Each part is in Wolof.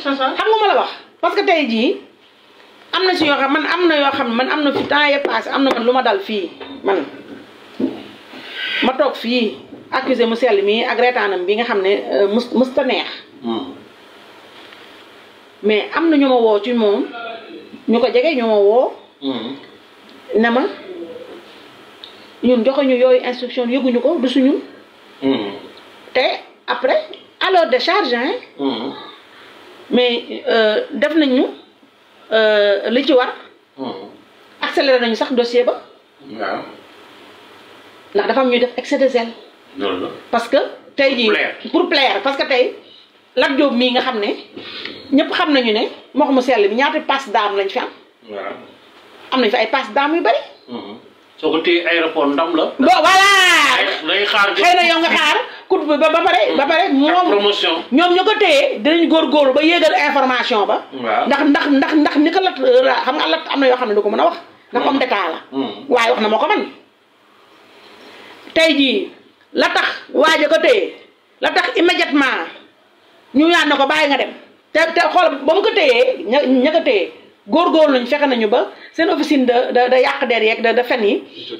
xam nga ma la wax parce que tey jii am na si yoo xam man am na yoo xam man am na fi temps yëpp passé am na man lu ma dal fii man ma toog fii accusé mu sell mii ak reetaanam bi nga xam ne euh, mus musta neex hmm. mais am na ñu ma woo ci moom ñu ko jege ñu ma woo hmm. ne ma ñun joxuñu yooyu instruction yëguñu ko du suñu hmm. te après alors à de charge hein mais euh, def nañ ñu euh, li ci war. Hmm. accéléré nañu sax dossier ba. waaw. ndax dafa am ñuy def excès de zèle. loolu parce que. tey jii pour plaire parce que tey. Lat Diop mii nga xam ne ñëpp xam nañu ne moo xam mu sell bi ñaata passe d'armes lañ fi am. am nañ fi ay passe d'armes yu bari. Hmm. soo ko téye aéroport ndam la. bo voilà. xëy na xaar. coûte bi ba ba pare. ba pare moom promotion. ñoom ñu ko téye dinañ góorgóorlu ba yéegal information ba. ndax ndax ndax ndax ni ko lat xam nga lat am na yoo xam ne du ko mën a wax. ndax comme de cas la. Mm-hmm. waaye ma ko man. tey jii la tax waa waaje ko téye la tax immédiatement ñu ñaan na ko bàyyi nga dem te te xool ba mu ko téyee ña ña ko téye góor nañ fexe nañu ba seen officine da da da yàq der yeek da da fen yi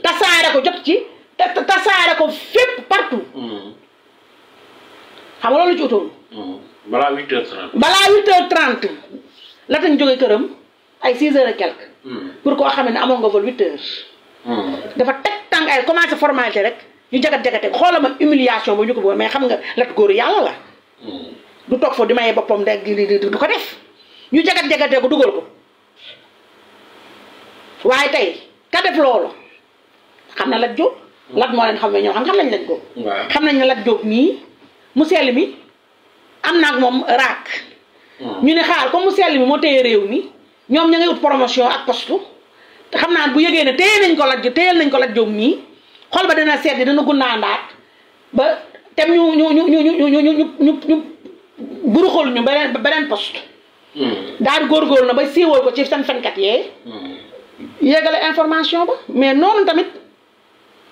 tasaare ko jot ci. te tasaare ko fépp partout. Mm-hmm. xam nga loolu ci utoon. Hmm. balaa 8h30. balaa 8h30 la tañ këram ay 6h et hmm. pour koo xam ne amoon nga vol hmm. dafa teg tàng commencé formalité rek ñu jagat jagate xoolal ma humiliation ba ñu ko bëggoon mais xam nga lat góor yàlla la. du toog foofu di maye boppam de du ko def ñu jagat jagatee ko dugal ko waaye tey ka def loolu xam na lat jóob. lat moo leen xam ne ñoo xam xam nañ lat jóob. xam nañ ne lat jóob nii. mu sell mi am na ak moom raak. Hmm. ñu ne xaar comme mu sell mi moo téye réew mi ñoom ña ngay ut promotion ak poste te xam naa bu yëgee ne téye nañ ko lajj téyel nañ ko lajjoo mii xol ba dana sedd dana gunnaandaat ba tem ñu ñu ñu ñu ñu ñu ñu ñu ñu buruxul ñu beneen beneen poste. Hmm. daal di góorgóorlu na ba siiwal ko ci seen fenkat yee. Hmm. yéegale information ba mais noonu tamit.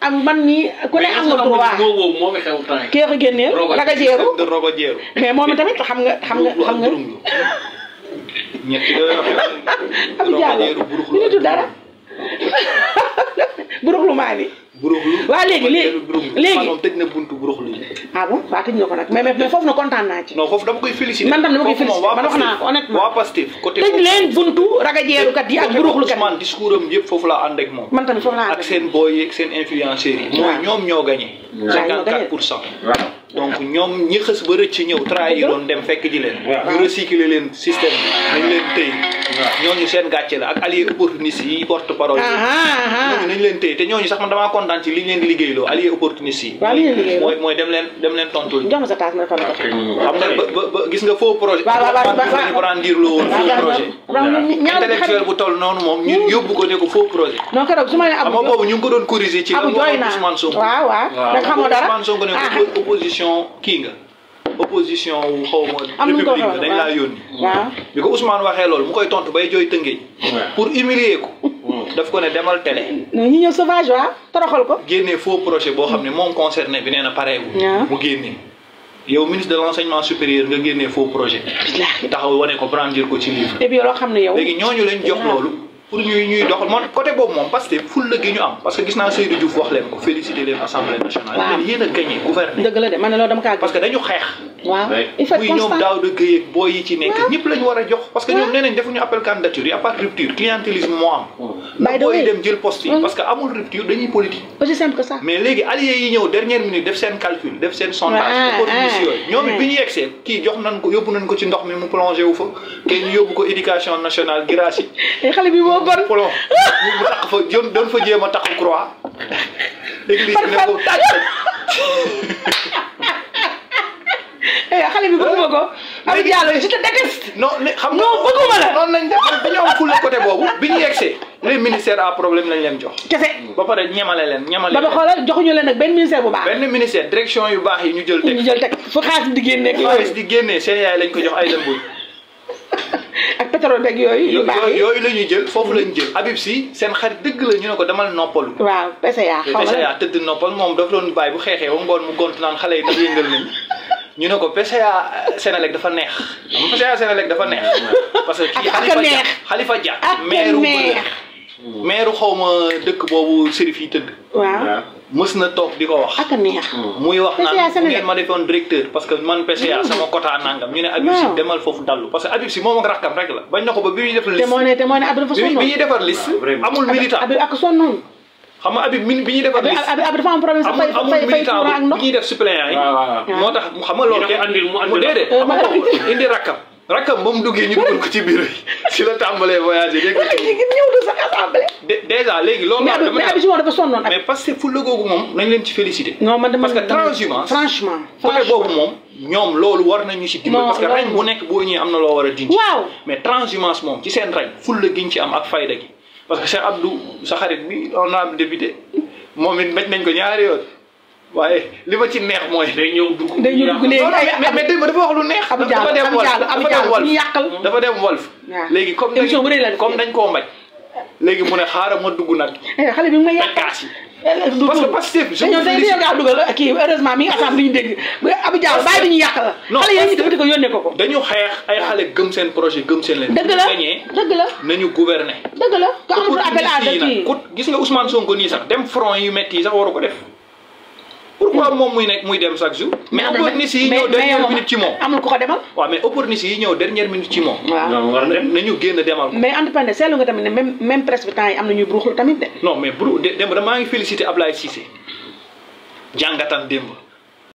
ak man mii ku ne am nga droit kii a ko génneel raga jeeru mais moom tamit xam nga xam nga xam nga am jàll ñu nitu dara buruxlu maa bi waaw léegi léegi léegi moom tëj na buntu buruxlu yi ah bon waaw tëj na ko nag mais mais foofu na kontaan naa ci non foofu dama koy féliciter man tam dama koy féliciter man wax naa honnêtement waa Pastef leen buntu ragajeerukat yi yi ak moom man tamit foofu laa ànd ak seen boy ak seen influenceurs yi mooy ñoom ñoo gagné 54 pour cent donc ñoom ñi xës ba rëcc ñëw trahiroon dem fekk ji leen. ñu recycler leen système bi nañ leen tëy. ñooñu seen gàcce la ak alliés opportunistes yi porte parole yi. nañ leen tëy te ñooñu sax man damaa kontaan ci li ñu leen di liggéeyloo alliés opportunistes mooy mooy dem leen dem leen tontul. jox ma sa taas ma fan la xam ba ba gis nga faux projet. waaw loo woon faux projet. intellectuel bu toll noonu moom ñu yóbbu ko ne ko faux projet. non keroog su ma nee Abu boobu ñu ngi ko doon corriger ci opposition kii nga opposition wu xaw ma république nga dañ laa yónni bi ko Ousmane waxee loolu mu koy tontu bay jooy tëngéej pour humilier ko daf ko ne demal télé ñu ñëw sauvage waa toroxal ko génnee faux projet boo xam ne moom concerné bi nee na pareegul mu génnee yow ministre de l' a supérieur nga génnee faux projet taxaw wane ko brandir ko ci livre léegi é lañ jox loolu pour ñuy ñuy doxal moom côté boobu moom parce que ful ñu am parce que gis naa Seydou Diouf wax leen assemblée nationale. waaw leen yéen a gagné gouverner. dëgg la de man loolu parce que dañu xeex. waaw il faut muy ñoom daaw de Guèye ak yi ci nekk ñëpp lañu war a jox. parce que ñoom nee nañ defuñu appel candidature yi à part rupture clientélisme moo am. booy dem jël poste yi. Mm. parce que amul rupture dañuy politique. aussi simple que ça. mais léegi allié yi ñëw dernière minute def seen calcul def seen sondage. opportuniste yooyu ñoom it bi ñu seen kii jox nañ ko yóbbu nañ ko ci ndox mi mu plongé wu fa. kii yóbbu ko éducation nationale Guirassy. xale bi moo bon plong mu tax fa doon fa a taxu croix. église bi xale bi bëgguma ko. Ami Diallo je te déteste. non xam nga non bëgguma la. noonu lañ def côté boobu bi ñu yegsee les ministères lañ leen jox. kese ba pare ñemale leen ñemale leen. ba xoolal joxuñu leen nag benn ministère bu baax. benn ministère direction yu baax yi ñu jël teg. ñu teg fu xaalis di génnee. xaalis di génnee seen yaay lañ ko jox ay dëmbuñ. ak pétrole beeg yooyu. yu baax yooyu la ñuy jël foofu la ñu jël. Habib si seen xarit dëgg la ñu ne ko demal noppalu. waaw PCA xaw ma PCA tëdd noppal moom dafa doon bàyyi bu xeexee ba ngoon mu gont naan xale yi ndax yëngal nañu ñu ne ko PCA euh, Senelec dafa neex am PCA dafa neex parce kii Khalifa Dia Khalifa Dia meeru hmm. dëkk boobu sérif mës na toog di ko wax ak neex hmm. muy wax naan ma defoon directeur parce man PCA hmm. sama quota nangam ñu ne Habib Sy demal foofu dallu parce que Habib Sy moom a rakkam rek bañ na ko ba bi ñuy def liste te moo ne te moo ne Abdou xam abi min bi ñuy defar abi abi dafa am problème fay fay fay courant ak ndox ñuy def suppléant eh? yi ya, ya. motax xam nga lool ke eh? andil mu andil dédé indi rakam rakam bam duggé ñu ko ci biir ci la tambalé voyager dégg nga du sax déjà légui mais abi ci dafa sonnon mais parce que mom nañ leen ci féliciter non man parce que transhumance franchement bobu mom ñom loolu war nañu ci dimbal parce que rañ bu nek bo ñi amna lo wara dindi mais transhumance mom ci seen rañ ful giñ ci am ak fayda gi parce que Cheikh Abdou sa xarit bi on a député moom it bañ nañ ko ñaari yoon waaye li ma ci neex mooy. day ñëw dugg day ñëw dugg léegi mais dafa wax lu neex. xam mm. dafa dem wolf dafa dem wolf léegi comme dañ comme dañ koo mbañ léegi mu ne xaaral ma dugg nag. Eh, xale bi ma yàqal parce que Pastef je me félicite dañoo dañoo dugal kii heureusement mi ngi atam ñu dégg Abdou Diallo bàyyi di yàq la. xale yi ñu defati ko yónnee ko ko. dañu xeex ay xale gëm seen projet gëm seen leen. dëgg la dëgg la nañu gouverner. dëgg la ku amatul appel à kii gis nga Ousmane Sonko nii sax dem front yu metti yi sax waru ko def. pourquoi moom muy nekk muy dem chaque jour. mais opportuniste yi ñëw dernière minute ci moom. amul ku ko demal. waaw mais opportuniste yi ñëw dernière minute ci moom. waaw nañu génn demal ko. mais entrepreneur seetlu nga tamit ne même même presque temps yi am na ñuy bruxlu tamit de. non mais bru démb maa ngi félicité Ablaye Cissé jàngatan démb.